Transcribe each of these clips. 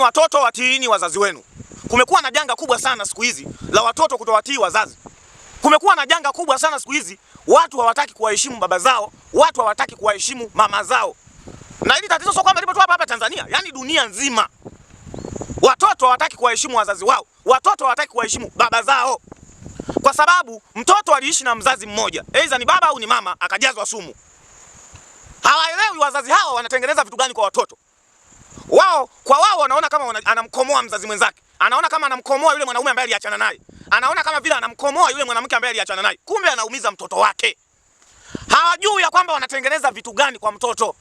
watoto, watiini wazazi wenu. Kumekuwa na janga kubwa sana siku hizi la watoto kutowatii wazazi. Kumekuwa na janga kubwa sana siku hizi, watu hawataki kuwaheshimu baba zao, watu hawataki kuwaheshimu mama zao, na hili tatizo sio kwamba lipo tu hapa hapa Tanzania, yani dunia nzima. Watoto hawataki kuwaheshimu wazazi wao, watoto hawataki kuwaheshimu baba zao, kwa sababu mtoto aliishi na mzazi mmoja, aidha ni baba au ni mama, akajazwa sumu. Hawaelewi wazazi hawa wanatengeneza vitu gani kwa watoto wao kwa wao wanaona kama wana, anamkomoa mzazi mwenzake, anaona kama anamkomoa yule mwanaume ambaye aliachana naye, anaona kama vile anamkomoa yule mwanamke ambaye aliachana naye, kumbe anaumiza mtoto wake. Hawajui ya kwamba wanatengeneza vitu gani kwa mtoto.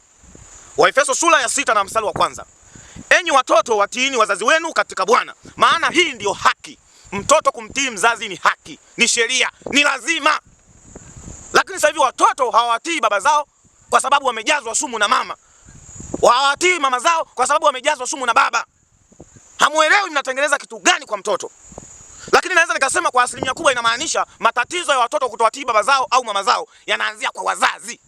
Waefeso sura ya sita na mstari wa kwanza. Enyi watoto watiini wazazi wenu katika Bwana, maana hii ndiyo haki. Mtoto kumtii mzazi ni haki, ni sheria, ni lazima. Lakini sasa hivi watoto hawatii baba zao kwa sababu wamejazwa sumu na mama hawatii mama zao kwa sababu wamejazwa sumu na baba. Hamuelewi mnatengeneza kitu gani kwa mtoto. Lakini naweza nikasema kwa asilimia kubwa inamaanisha matatizo ya watoto kutowatii baba zao au mama zao yanaanzia kwa wazazi.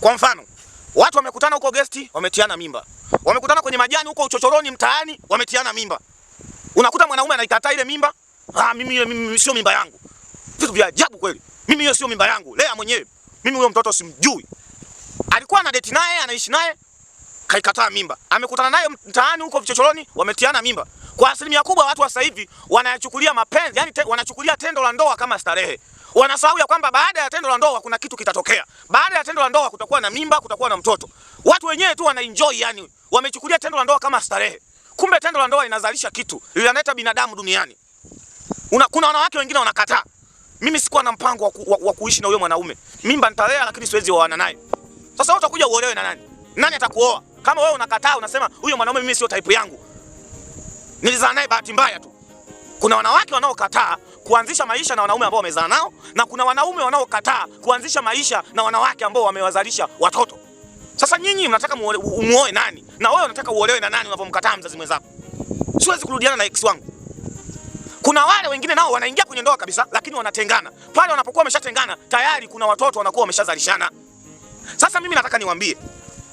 Kwa mfano, watu wamekutana huko gesti, wametiana mimba. Wamekutana kwenye majani huko uchochoroni mtaani, wametiana mimba. Unakuta mwanaume anaikataa ile mimba, ah, mimi hiyo mimi sio mimba yangu. Vitu vya ajabu kweli. Mimi hiyo sio mimba yangu. Lea mwenyewe. Mimi huyo mtoto simjui. Alikuwa na date naye, anaishi naye, kaikataa mimba, amekutana nayo mtaani huko vichochoroni, wametiana mimba. Kwa asilimia kubwa watu wa sasa hivi wanayachukulia mapenzi, yani te, wanachukulia tendo la ndoa kama starehe. Wanasahau ya kwamba baada ya tendo la ndoa kuna kitu kitatokea. Baada ya tendo la ndoa kutakuwa na mimba, kutakuwa na mtoto. Watu wenyewe tu wanaenjoy, yani wamechukulia tendo la ndoa kama starehe. Kumbe tendo la ndoa linazalisha kitu, linaleta binadamu duniani. Una, kuna wanawake wengine wanakataa. Mimi sikuwa na mpango wa, ku, wa, wa kuishi na huyo mwanaume. Mimba nitalea, lakini siwezi oana naye. Sasa utakuja uolewe na nani? Nani atakuoa? Kama wewe unakataa unasema huyo mwanaume mimi sio type yangu, nilizaa naye bahati mbaya tu. Kuna wanawake wanaokataa kuanzisha maisha na wanaume ambao wamezaa nao, na kuna wanaume wanaokataa kuanzisha maisha na wanawake ambao wamewazalisha watoto. Sasa nyinyi mnataka muoe nani? Na wewe unataka uolewe na nani unapomkataa mzazi mwenzako? Siwezi kurudiana na ex wangu. Kuna wale wengine nao wanaingia kwenye ndoa kabisa, lakini wanatengana. Pale wanapokuwa wameshatengana, tayari kuna watoto wanakuwa wameshazalishana. Sasa mimi nataka niwaambie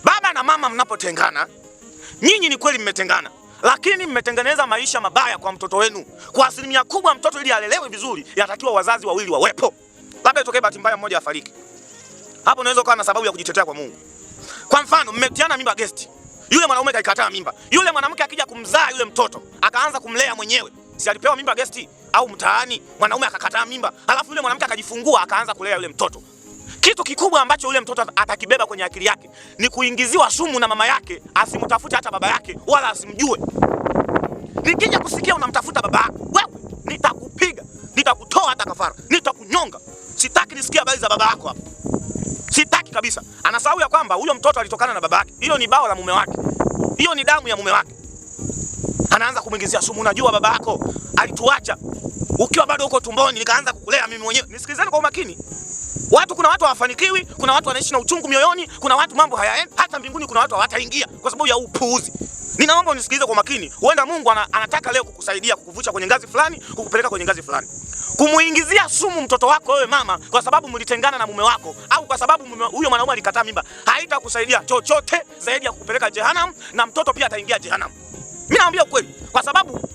Baba na mama mnapotengana, nyinyi ni kweli mmetengana, lakini mmetengeneza maisha mabaya kwa mtoto wenu. Kwa asilimia kubwa, mtoto ili alelewe vizuri, yatakiwa wazazi wawili wawepo, labda itokee bahati mbaya mmoja afariki. Hapo unaweza ukawa na sababu ya kujitetea kwa Mungu. Kwa mfano, mmetiana mimba guest, yule mwanaume kaikataa mimba, yule mwanamke akija kumzaa yule mtoto akaanza kumlea mwenyewe, si alipewa mimba guest au mtaani, mwanaume akakataa mimba, alafu yule mwanamke akajifungua akaanza kulea yule mtoto kitu kikubwa ambacho yule mtoto atakibeba kwenye akili yake ni kuingiziwa sumu na mama yake, asimtafute hata baba yake wala asimjue. Nikija kusikia unamtafuta baba yako, wewe nitakupiga, nitakutoa hata kafara, nitakunyonga. Sitaki nisikie habari za baba yako hapa, sitaki kabisa. Anasahau ya kwamba huyo mtoto alitokana na baba yake, hiyo ni bao la mume wake, hiyo ni damu ya mume wake. Anaanza kumwingizia sumu. Unajua baba yako alituacha ukiwa bado uko tumboni, nikaanza kukulea mimi mwenyewe. Nisikilizeni kwa umakini. Watu kuna watu hawafanikiwi, kuna watu wanaishi na uchungu mioyoni, kuna watu mambo hayaendi hata mbinguni, kuna watu hawataingia kwa sababu ya upuuzi. Ninaomba unisikilize kwa makini. Huenda Mungu ana, anataka leo kukusaidia kukuvusha kwenye ngazi fulani, kukupeleka kwenye ngazi fulani. Kumuingizia sumu mtoto wako wewe mama kwa sababu mlitengana na mume wako au kwa sababu huyo mwanaume alikataa mimba, haitakusaidia chochote zaidi ya kukupeleka jehanamu na mtoto pia ataingia jehanamu. Mimi naambia ukweli kwa sababu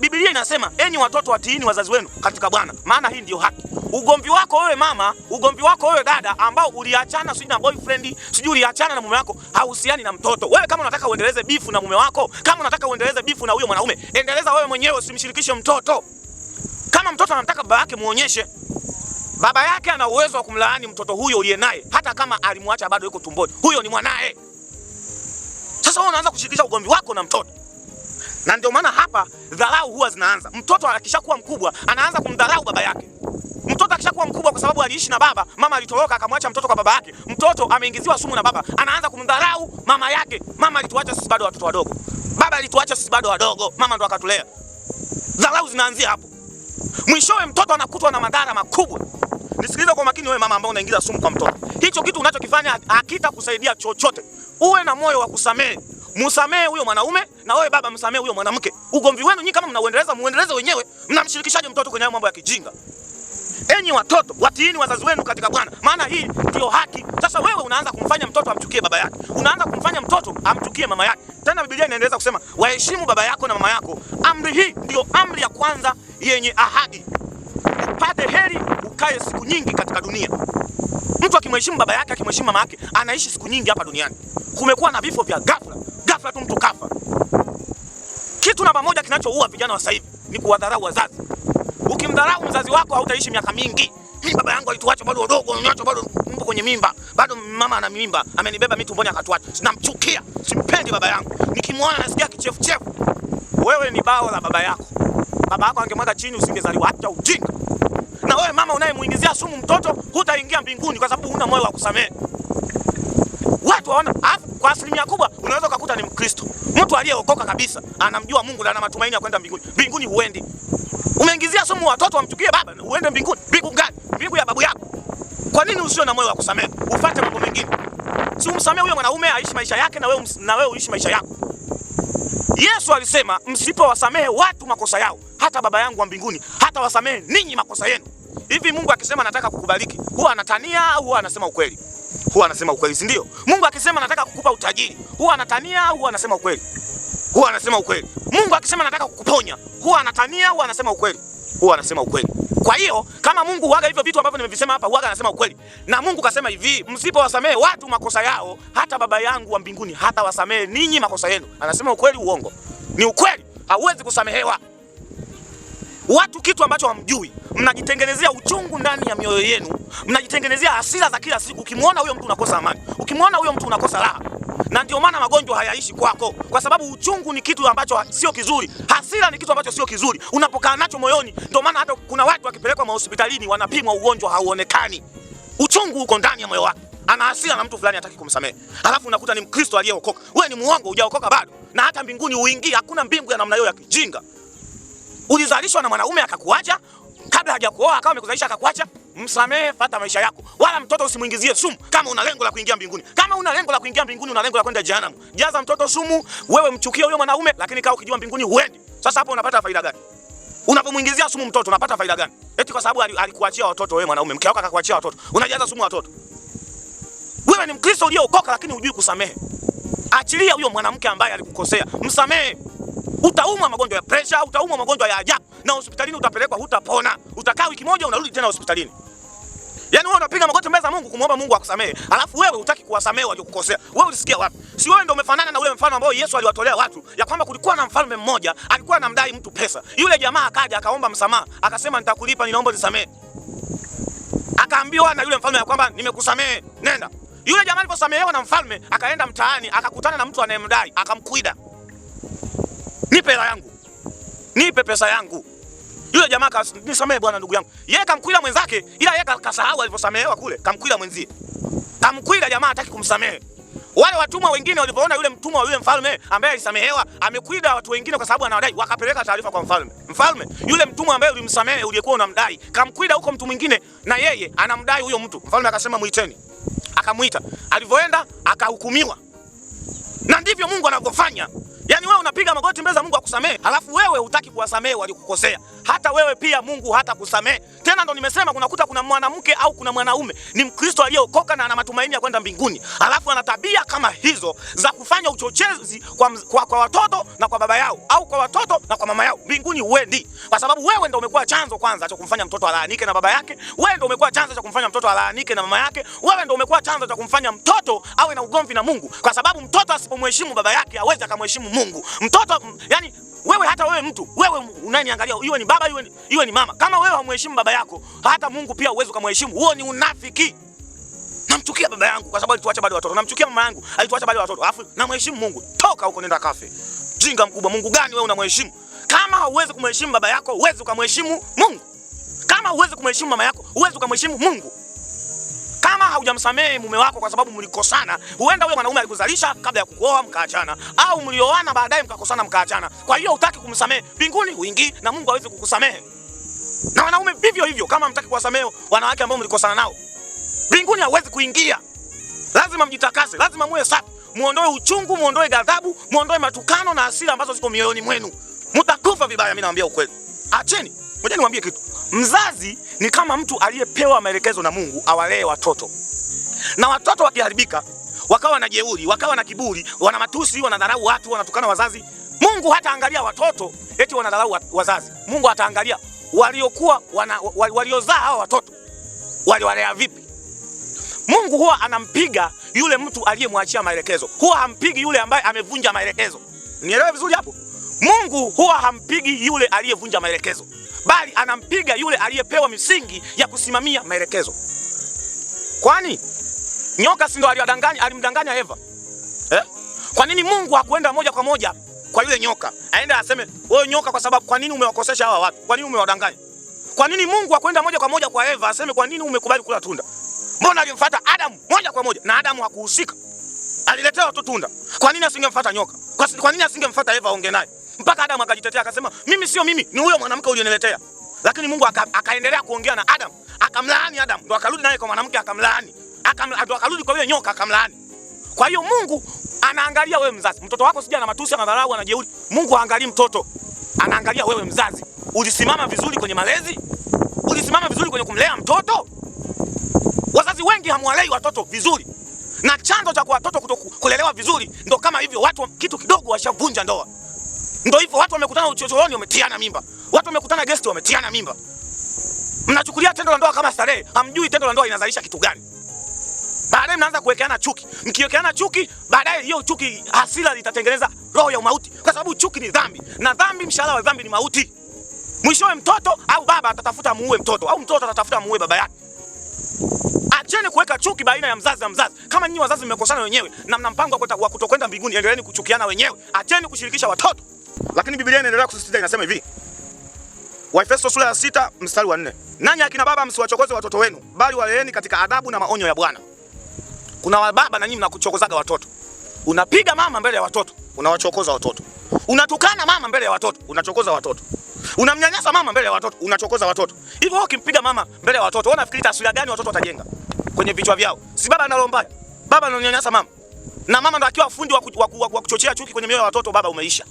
Biblia inasema, enyi watoto watiini wazazi wenu katika Bwana, maana hii ndiyo haki. Ugomvi wako wewe mama, ugomvi wako wewe dada, ambao uliachana sijui na boyfriend, sijui uliachana na mume wako, hauhusiani na mtoto. Wewe kama unataka uendeleze bifu na mume wako, kama unataka uendeleze bifu na huyo mwanaume, endeleza wewe mwenyewe, usimshirikishe mtoto. Kama mtoto anamtaka baba yake, muonyeshe baba yake ana uwezo wa kumlaani mtoto huyo uliye naye, hata kama alimwacha bado yuko tumboni, huyo ni mwanae. Sasa wewe unaanza kushirikisha ugomvi wako na mtoto, na ndio maana hapa dharau huwa zinaanza. Mtoto akishakuwa mkubwa anaanza kumdharau baba yake mtoto akishakuwa mkubwa, kwa sababu aliishi na baba, mama alitoroka akamwacha mtoto kwa baba yake. Mtoto ameingiziwa sumu na baba, anaanza kumdharau mama yake. Mama alituacha sisi bado watoto wadogo, baba alituacha sisi bado wadogo, mama ndo akatulea. Dharau zinaanzia hapo, mwishowe mtoto anakutwa na madhara makubwa. Nisikilize kwa makini, wewe mama ambao unaingiza sumu kwa mtoto, hicho kitu unachokifanya hakitakusaidia chochote. Uwe na moyo wa kusamehe, msamehe huyo mwanaume na wewe baba msamehe huyo mwanamke. Ugomvi wenu nyinyi kama mnauendeleza, muendeleze wenyewe. Mnamshirikishaje mtoto kwenye mambo ya kijinga? Enyi watoto watiini wazazi wenu katika Bwana, maana hii ndio haki. Sasa wewe unaanza kumfanya mtoto amchukie baba yake, unaanza kumfanya mtoto amchukie mama yake. Tena Biblia inaendeleza kusema waheshimu baba yako na mama yako. Amri hii ndiyo amri ya kwanza yenye ahadi, upate heri, ukae siku nyingi katika dunia. Mtu akimheshimu baba yake, akimheshimu mama yake, anaishi siku nyingi hapa duniani. Kumekuwa na vifo vya ghafla ghafla tu, mtu kafa. Kitu namba moja kinachoua vijana wa sasa hivi ni kuwadharau wazazi. Ukimdharau mzazi wako hautaishi miaka mingi. Mimi baba yangu alituacha bado wadogo, niacha bado mpo kwenye mimba. Bado mama ana mimba, amenibeba mimi tumboni akatuacha. Namchukia, simpendi baba yangu. Nikimwona nasikia kichefuchefu. Wewe ni bao la baba yako. Baba yako angemwaga chini usingezaliwa hata ujinga. Na wewe mama unayemuingizia sumu mtoto, hutaingia mbinguni kwa sababu huna moyo wa kusamehe. Watu waona kwa asilimia kubwa unaweza ukakuta ni Mkristo. Mtu aliyeokoka kabisa, anamjua Mungu na ana matumaini ya kwenda mbinguni. Mbinguni huendi. Umeingizia sumu watoto wamchukie baba na uende mbinguni. Mbingu gani? Mbingu ya babu yako. Kwa nini usio na moyo wa kusamehe? ufate mambo mengine. Si umsamehe huyo mwanaume aishi maisha yake na wewe na wewe uishi maisha yako. Yesu alisema msipowasamehe watu makosa yao, hata baba yangu wa mbinguni hata wasamehe ninyi makosa yenu. Hivi Mungu akisema nataka kukubariki, huwa anatania au huwa anasema ukweli? Huwa anasema ukweli, si ndio? Mungu akisema nataka kukupa utajiri, huwa anatania au huwa anasema ukweli? huwa anasema ukweli. Mungu akisema nataka kukuponya, huwa anatania, huwa anasema ukweli, huwa anasema ukweli. Kwa hiyo kama Mungu huaga hivyo vitu ambavyo nimevisema hapa, huaga anasema ukweli. Na Mungu kasema hivi, msipowasamehe watu makosa yao, hata baba yangu wa mbinguni hata wasamehe ninyi makosa yenu. Anasema ukweli, uongo ni ukweli, hauwezi kusamehewa watu kitu ambacho hamjui, mnajitengenezea uchungu ndani ya mioyo yenu, mnajitengenezea hasira za kila siku. Ukimwona huyo mtu unakosa amani, ukimwona huyo mtu unakosa raha na ndio maana magonjwa hayaishi kwako, kwa sababu uchungu ni kitu ambacho sio kizuri, hasira ni kitu ambacho sio kizuri, unapokaa nacho moyoni. Ndio maana hata kuna watu wakipelekwa mahospitalini wanapimwa ugonjwa hauonekani, uchungu uko ndani ya moyo wake ana hasira na mtu fulani hataki kumsamehe, alafu unakuta ni Mkristo aliyeokoka. Wewe ni muongo, hujaokoka bado, na hata mbinguni uingii. Hakuna mbingu ya namna hiyo ya kijinga. Ulizalishwa na mwanaume akakuacha kabla hajakuoa, akawa amekuzalisha akakuacha msamehe, fata maisha yako, wala mtoto usimwingizie sumu kama una lengo la kuingia mbinguni. Kama una lengo la kuingia mbinguni, una lengo la kwenda jehanamu, jaza mtoto sumu, wewe mchukie huyo mwanaume, lakini kaa ukijua mbinguni huendi. Sasa hapo unapata faida gani? Unapomwingizia sumu mtoto unapata faida gani? Eti kwa sababu alikuachia watoto, wewe mwanaume, mke wako akakuachia watoto, unajaza sumu watoto. Wewe ni Mkristo uliokoka, lakini hujui kusamehe. Achilia huyo mwanamke ambaye alikukosea, msamehe. Utaumwa magonjwa ya presha, utaumwa magonjwa ya ajabu, na hospitalini utapelekwa, hutapona. Utakaa wiki moja, unarudi tena hospitalini. Yaani wewe unapiga magoti mbele za Mungu kumwomba Mungu akusamee. Alafu wewe hutaki kuwasamee waliokukosea. Wewe ulisikia wapi? Si wewe ndio umefanana na ule mfano ambao Yesu aliwatolea watu ya kwamba kulikuwa na mfalme mmoja alikuwa anamdai mtu pesa. Yule jamaa akaja akaomba msamaha, akasema nitakulipa, ninaomba nisamee. Akaambiwa na yule mfalme ya kwamba nimekusamee, nenda. Yule jamaa aliposamehewa na mfalme, akaenda mtaani, akakutana na mtu anayemdai, akamkuida. Nipe hela yangu. Nipe pesa yangu. Yule jamaa kanisamehe bwana, ndugu yangu. Yeye kamkwila mwenzake, ila yeye kasahau alivyosamehewa kule, kamkwila mwenzie. Kamkwila jamaa hataki kumsamehe. Wale watumwa wengine walipoona yule mtumwa wa yule mfalme ambaye alisamehewa amekwida watu wengine kwa sababu anawadai, wakapeleka taarifa kwa mfalme. Mfalme, yule mtumwa ambaye ulimsamehe uliyekuwa unamdai, kamkwida huko mtu mwingine na yeye anamdai huyo mtu. Mfalme akasema muiteni. Akamwita. Alivyoenda akahukumiwa. Na ndivyo Mungu anavyofanya. Yaani wewe unapiga magoti mbele za Mungu akusamee, halafu wewe hutaki kuwasamee walikukosea. Hata wewe pia Mungu hata kusamee tena. Ndo nimesema kunakuta kuna, kuna mwanamke au kuna mwanaume ni Mkristo aliyeokoka na ana matumaini ya kwenda mbinguni, halafu ana tabia kama hizo za kufanya uchochezi kwa, kwa, kwa watoto na kwa baba yao au kwa watoto na kwa mama yao. Mbinguni huendi, kwa sababu wewe ndo umekuwa chanzo kwanza cha kumfanya mtoto alaanike na baba yake. Wewe ndo umekuwa chanzo cha kumfanya mtoto alaanike na mama yake. Wewe ndo umekuwa chanzo cha kumfanya mtoto awe na ugomvi na Mungu, kwa sababu mtoto asipomheshimu baba yake hawezi akamheshimu Mungu. Mtoto yani wewe hata wewe mtu wewe unaniangalia, iwe ni baba iwe, ni, iwe ni mama, kama wewe hamheshimu baba yako, hata Mungu pia uwezi ukamheshimu. Huo ni unafiki. Namchukia baba yangu kwa sababu alituacha bado watoto, namchukia mama yangu alituacha bado watoto, alafu namheshimu Mungu. Toka huko, nenda kafe. Jinga mkubwa, Mungu gani wewe unamheshimu? Kama hauwezi kumheshimu baba yako, huwezi ukamheshimu Mungu. Kama uwezi kumheshimu mama yako, huwezi ukamheshimu Mungu kama haujamsamehe mume wako kwa sababu mlikosana, huenda huyo mwanaume alikuzalisha kabla ya kukuoa mkaachana, au mlioana baadaye mkakosana mkaachana. Kwa hiyo hutaki kumsamehe, mbinguni huingii na Mungu hawezi kukusamehe. Na wanaume vivyo hivyo, kama hamtaki kuwasamehe wanawake ambao mlikosana nao, mbinguni hawezi kuingia. Lazima mjitakase, lazima muwe safi, muondoe uchungu, muondoe ghadhabu, muondoe matukano na hasira ambazo ziko mioyoni mwenu. Mtakufa vibaya, mimi naambia ukweli. Acheni, ngoja niwaambie kitu. Mzazi ni kama mtu aliyepewa maelekezo na Mungu awalee watoto, na watoto wakiharibika, wakawa na jeuri, wakawa na kiburi, wana matusi, wanadharau watu, wanatukana wazazi, Mungu hataangalia watoto eti wanadharau wazazi. Mungu hataangalia waliokuwa waliozaa hao watoto waliwalea vipi. Mungu huwa anampiga yule mtu aliyemwachia maelekezo, huwa hampigi yule ambaye amevunja maelekezo. Nielewe vizuri hapo, Mungu huwa hampigi yule aliyevunja maelekezo bali anampiga yule aliyepewa misingi ya kusimamia maelekezo. Kwani nyoka si ndo aliwadanganya, alimdanganya Eva eh? Kwa nini Mungu hakuenda moja kwa moja kwa yule nyoka aende aseme wewe nyoka, kwa sababu kwa nini umewakosesha hawa watu? Kwa nini umewadanganya? Kwa nini Mungu hakuenda moja kwa moja kwa Eva aseme kwa nini umekubali kula tunda? Mbona alimfuata Adamu moja kwa moja, na Adamu hakuhusika, aliletewa tu tunda. Kwa nini asingemfuata nyoka? Kwa nini asingemfuata Eva aongee naye? mpaka Adam akajitetea akasema, mimi sio mimi, ni huyo mwanamke ulioniletea. Lakini Mungu akaendelea aka kuongea na Adam, akamlaani Adam, ndo akarudi naye kwa mwanamke akamlaani, ndo akarudi kwa yule nyoka akamlaani. Kwa hiyo Mungu anaangalia wewe mzazi, mtoto wako sija na matusi na dharau na jeuri. Mungu haangalii mtoto, anaangalia wewe mzazi, ulisimama vizuri kwenye malezi, ulisimama vizuri kwenye kumlea mtoto. Wazazi wengi hamwalei watoto vizuri, na chanzo cha watoto kutokulelewa vizuri ndo kama hivyo, watu kitu kidogo washavunja ndoa. Ndio hivyo, watu wamekutana uchochoroni wametiana mimba, watu wamekutana guest wametiana mimba. Mnachukulia tendo la ndoa kama starehe, hamjui tendo la ndoa inazalisha kitu gani. Baadaye mnaanza kuwekeana chuki, mkiwekeana chuki, baadaye hiyo chuki, hasira itatengeneza roho ya mauti kwa sababu chuki ni dhambi, na dhambi, mshahara wa dhambi ni mauti. Mwishowe mtoto au baba atatafuta muue mtoto au mtoto atatafuta muue baba yake. Acheni kuweka chuki baina ya mzazi na mzazi. Kama nyinyi wazazi mmekosana wenyewe na mna mpango wa kutokwenda mbinguni, endeleeni kuchukiana wenyewe. Acheni kushirikisha watoto. Lakini Biblia inaendelea kusisitiza inasema hivi. Waefeso sura ya sita mstari wa nne. Nanyi akina baba msiwachokoze watoto wenu, bali waleeni katika adabu na maonyo ya Bwana. Kuna wababa na nyinyi mnakuchokozaga watoto. Unapiga mama mbele ya watoto, unawachokoza watoto. Unatukana mama mbele ya watoto, unachokoza watoto. Unamnyanyasa mama mbele ya watoto, unachokoza watoto. Hivyo wewe ukimpiga mama mbele ya watoto, wewe unafikiri taswira gani watoto watajenga kwenye vichwa vyao? Si baba analo mbaya. Baba ananyanyasa mama. Na mama ndo akiwa fundi wa kuchochea chuki kwenye mioyo ya watoto, baba umeisha.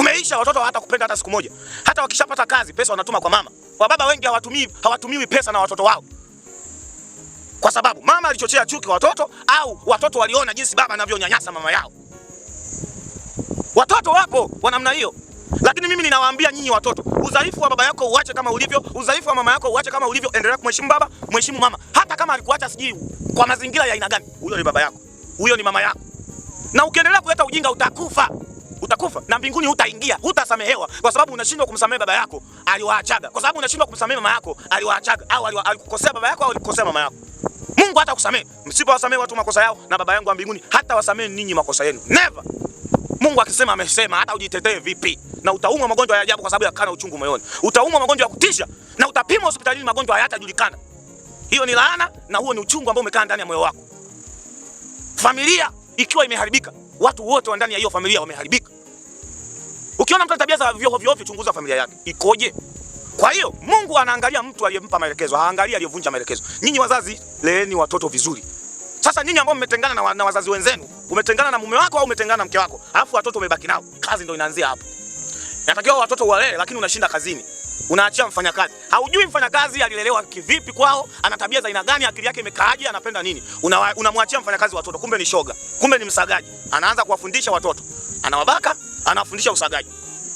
Umeisha watoto hata kupenda hata siku moja. Hata wakishapata kazi pesa wanatuma kwa mama. Wababa wengi hawatumii hawatumiwi pesa na watoto wao. Kwa sababu mama alichochea chuki watoto au watoto waliona jinsi baba anavyonyanyasa mama yao. Watoto wapo wa namna hiyo. Lakini mimi ninawaambia nyinyi watoto, udhaifu wa baba yako uache kama ulivyo, udhaifu wa mama yako uache kama ulivyo, endelea kumheshimu baba, mheshimu mama. Hata kama alikuacha sijui kwa mazingira ya aina gani, huyo ni baba yako. Huyo ni mama yako. Na ukiendelea kuleta ujinga utakufa utakufa na mbinguni hutaingia, hutasamehewa kwa sababu unashindwa kumsamehe baba yako aliwaachaga, kwa sababu unashindwa kumsamehe mama yako aliwaachaga, au alikukosea baba yako au alikukosea mama yako. Mungu hata kusamehe, msipowasamehe watu makosa yao, na baba yangu wa mbinguni hata wasamehe ninyi makosa yenu. Never. Mungu akisema amesema, hata ujitetee vipi, na utaumwa magonjwa ya ajabu kwa sababu ya kana uchungu moyoni, utaumwa magonjwa ya kutisha na utapimwa hospitalini, magonjwa hayatajulikana. Hiyo ni laana na huo ni uchungu ambao umekaa ndani ya moyo wako. Familia ikiwa imeharibika, watu wote wa ndani ya hiyo familia wameharibika. Ukiona mtu tabia za vyo vyo, chunguza familia yake ikoje. Kwa hiyo Mungu anaangalia mtu aliyempa maelekezo, haangalia aliyovunja maelekezo. Nyinyi wazazi leeni watoto vizuri. Sasa nyinyi ambao mmetengana na, na wazazi wenzenu, umetengana na mume wako au umetengana na mke wako, alafu watoto umebaki nao, kazi ndio inaanzia hapo. Natakiwa watoto walele, lakini unashinda kazini, unaachia mfanyakazi. Haujui mfanyakazi alilelewa kivipi kwao, ana tabia za aina gani, akili yake imekaaje, anapenda nini. Unamwachia una mfanyakazi watoto, kumbe ni shoga, kumbe ni msagaji, anaanza kuwafundisha watoto, anawabaka anafundisha usagaji.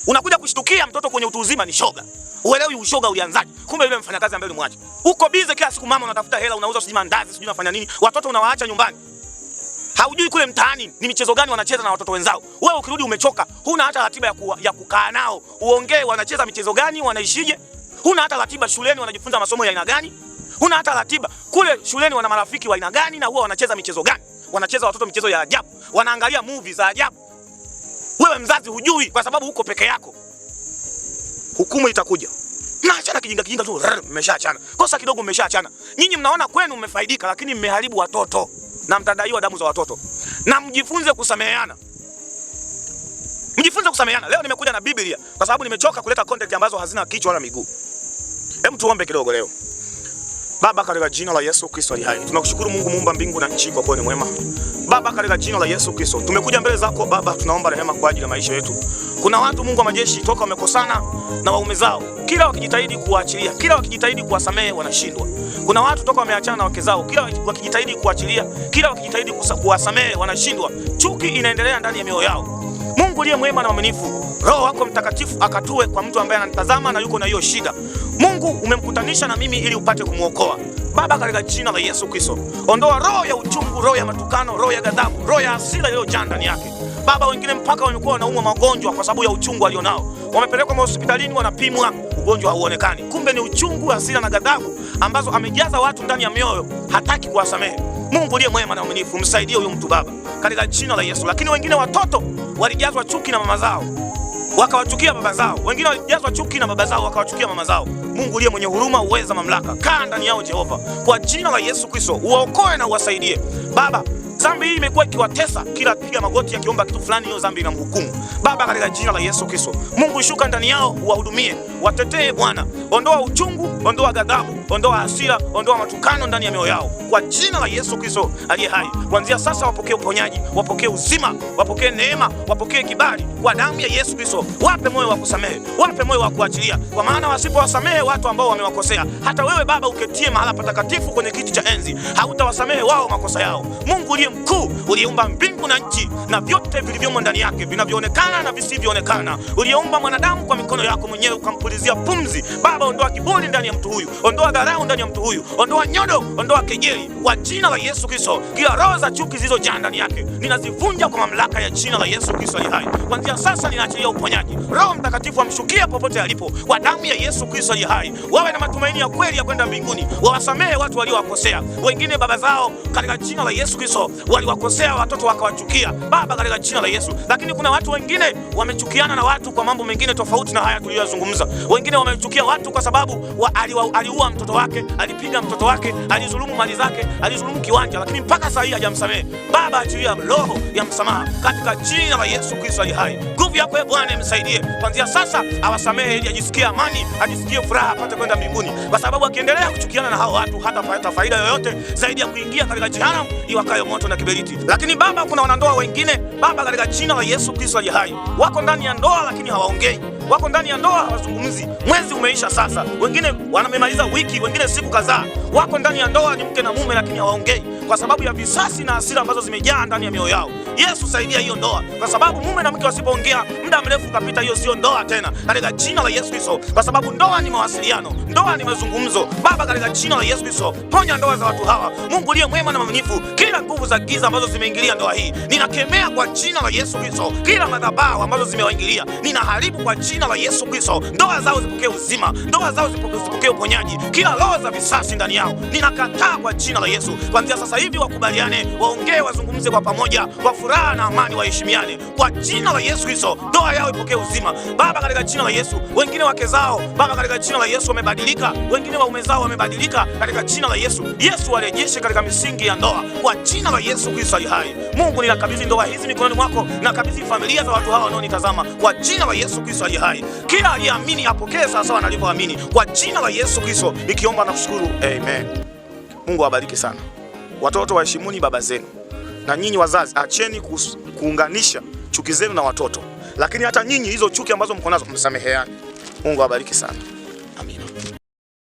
Unakuja kushtukia mtoto kwenye utu uzima ni shoga. Uelewi ushoga ulianzaje? Kumbe yule mfanyakazi ambaye ulimwacha. Uko bize kila siku mama unatafuta hela, unauza sijui mandazi, sijui unafanya nini? Watoto unawaacha nyumbani. Haujui kule mtaani ni michezo gani wanacheza na watoto wenzao. Wewe ukirudi umechoka, huna hata ratiba ya, ku, ya kukaa nao, uongee wanacheza michezo gani, wanaishije? Huna hata ratiba shuleni wanajifunza masomo ya aina gani? Huna hata ratiba kule shuleni wana marafiki wa aina gani na huwa wanacheza michezo gani? Wanacheza watoto michezo ya ajabu, wanaangalia movie za ajabu. Wewe mzazi hujui kwa sababu huko peke yako. Hukumu itakuja. Na achana kijinga kijinga tu, mmeshaachana. Kosa kidogo mmeshaachana. Nyinyi mnaona kwenu mmefaidika, lakini mmeharibu watoto na mtadaiwa damu za watoto. Na mjifunze kusameheana. Mjifunze kusameheana. Leo nimekuja na Biblia kwa sababu nimechoka kuleta content ambazo hazina kichwa wala miguu. Hebu tuombe kidogo leo. Baba, katika jina la Yesu Kristo aliye hai, tunakushukuru Mungu muumba mbingu na nchi, kwa kuwa ni mwema. Baba, katika jina la Yesu Kristo tumekuja mbele zako Baba, tunaomba rehema kwa ajili ya maisha yetu. Kuna watu Mungu wa majeshi toka wamekosana na waume zao, kila wakijitahidi kuwaachilia, kila wakijitahidi kuwasamehe wanashindwa. Kuna watu toka wameachana na wake zao, kila wakijitahidi kuachilia, kila wakijitahidi kuwasamehe wanashindwa. Chuki inaendelea ndani ya mioyo yao. Mungu liye mwema na mwaminifu Roho wako Mtakatifu akatue kwa mtu ambaye ananitazama na yuko na hiyo shida. Mungu umemkutanisha na mimi ili upate kumwokoa. Baba, katika jina la Yesu Kristo, ondoa roho ya uchungu, roho ya matukano, roho ya ghadhabu, roho ya hasira iliyojaa ndani yake. Baba, wengine mpaka wamekuwa wanaumwa magonjwa kwa sababu ya uchungu alionao. Wamepelekwa mahospitalini, wanapimwa, ugonjwa hauonekani, kumbe ni uchungu, hasira na ghadhabu ambazo amejaza watu ndani ya mioyo, hataki kuwasamehe. Mungu uliye mwema na mwaminifu, msaidie huyu mtu Baba, katika jina la Yesu. Lakini wengine watoto walijazwa chuki na mama zao wakawachukia baba zao, wengine walijazwa chuki na baba zao wakawachukia mama zao. Mungu uliye mwenye huruma, uweza, mamlaka, kaa ndani yao Jehova, kwa jina la Yesu Kristo, uwaokoe na uwasaidie Baba. Dhambi hii imekuwa ikiwatesa, kila piga magoti akiomba kitu fulani, hiyo dhambi inamhukumu Baba, katika jina la Yesu Kristo. Mungu, shuka ndani yao, uwahudumie, watetee Bwana. Ondoa uchungu, ondoa ghadhabu, ondoa hasira, ondoa matukano ndani ya mioyo yao kwa jina la Yesu Kristo aliye hai. Kuanzia sasa wapokee uponyaji, wapokee uzima, wapokee neema, wapokee kibali kwa damu ya Yesu Kristo. Wape moyo wa kusamehe, wape moyo wa kuachilia, kwa maana wasipowasamehe watu ambao wamewakosea, hata wewe Baba uketie mahala patakatifu kwenye kiti cha enzi, hautawasamehe wao makosa yao. Mungu uliye mkuu, uliyeumba mbingu na nchi na vyote vilivyomo ndani yake, vinavyoonekana na visivyoonekana, uliyeumba mwanadamu kwa mikono yako mwenyewe, ukampulizia pumzi Baba Baba, ondoa kiburi ndani ya mtu huyu, ondoa dharau ndani ya mtu huyu, ondoa nyodo, ondoa kejeli kwa jina la Yesu Kristo. Kila roho za chuki zilizojaa ndani yake ninazivunja kwa mamlaka ya jina la Yesu Kristo aliye hai. Kuanzia sasa ninaachilia uponyaji. Roho Mtakatifu amshukie popote alipo kwa damu ya Yesu Kristo aliye hai. Wawe na matumaini ya kweli ya kwenda mbinguni, wawasamehe watu waliowakosea wengine, baba zao, katika jina la Yesu Kristo. Waliwakosea watoto wakawachukia, Baba, katika jina la Yesu. Lakini kuna watu wengine wamechukiana na watu kwa mambo mengine tofauti na haya tuliyozungumza, wengine wamechukia watu kwa sababu aliua mtoto wake, alipiga mtoto wake, alizulumu mali zake, alizulumu kiwanja, lakini mpaka sasa hajamsamehe. Baba, achilia roho ya msamaha katika jina la Yesu Kristo ali hai. Nguvu yako ewe Bwana imsaidie kuanzia sasa, awasamehe ili ajisikie amani, ajisikie furaha, apate kwenda mbinguni, kwa sababu akiendelea kuchukiana na hao watu hatapata faida yoyote zaidi ya kuingia katika jehanamu iwakayo moto na kiberiti. Lakini Baba, kuna wanandoa wengine Baba, katika jina la Yesu Kristo ali hai, wako ndani ya ndoa lakini hawaongei wako ndani ya ndoa hawazungumzi. Mwezi umeisha sasa, wengine wamemaliza wiki, wengine siku kadhaa, wako ndani ya ndoa, ni mke na mume, lakini hawaongei kwa sababu ya visasi na hasira ambazo zimejaa ndani ya mioyo yao. Yesu, saidia hiyo ndoa, kwa sababu mume na mke wasipoongea muda mrefu ukapita, hiyo sio ndoa tena, katika jina la Yesu Kristo, kwa sababu ndoa ni mawasiliano, ndoa ni mazungumzo. Baba, katika jina la Yesu Kristo, ponya ndoa za watu hawa. Mungu uliye mwema na mwaminifu, kila nguvu za giza ambazo zimeingilia ndoa hii ninakemea kwa jina la Yesu Kristo. Kila madhabahu ambazo zimewaingilia ninaharibu kwa jina la Yesu Kristo. Ndoa zao zipokee uzima, ndoa zao zipokee uponyaji. Kila roho za visasi ndani yao ninakataa kwa jina la Yesu kuanzia sasa sasa hivi wakubaliane, waongee, wazungumze kwa pamoja, kwa furaha na amani, waheshimiane kwa jina la Yesu Kristo. Ndoa yao ipokee uzima Baba, katika jina la Yesu. Wengine wake zao Baba, katika jina la Yesu wamebadilika, wengine waume zao wamebadilika, katika jina la Yesu. Yesu warejeshe katika misingi ya ndoa kwa jina la Yesu Kristo ali hai. Mungu, ninakabidhi ndoa hizi mikononi mwako, nakabidhi familia za watu hawa wanaonitazama kwa jina la Yesu Kristo ali hai. Kila aliyeamini apokee sawasawa alivyoamini kwa jina la Yesu Kristo, nikiomba na kushukuru amen. Mungu awabariki sana. Watoto waheshimuni baba zenu, na nyinyi wazazi acheni kuunganisha chuki zenu na watoto. Lakini hata nyinyi hizo chuki ambazo mko nazo msameheane. Mungu awabariki sana.